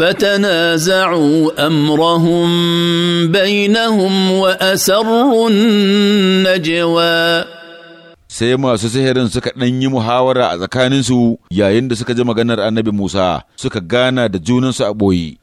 فتنازعوا امرهم بينهم واسروا النجوى sai masu sihirin suka ɗan yi muhawara a tsakaninsu yayin da suka ji maganar annabi Musa suka gana da junansu a ɓoye.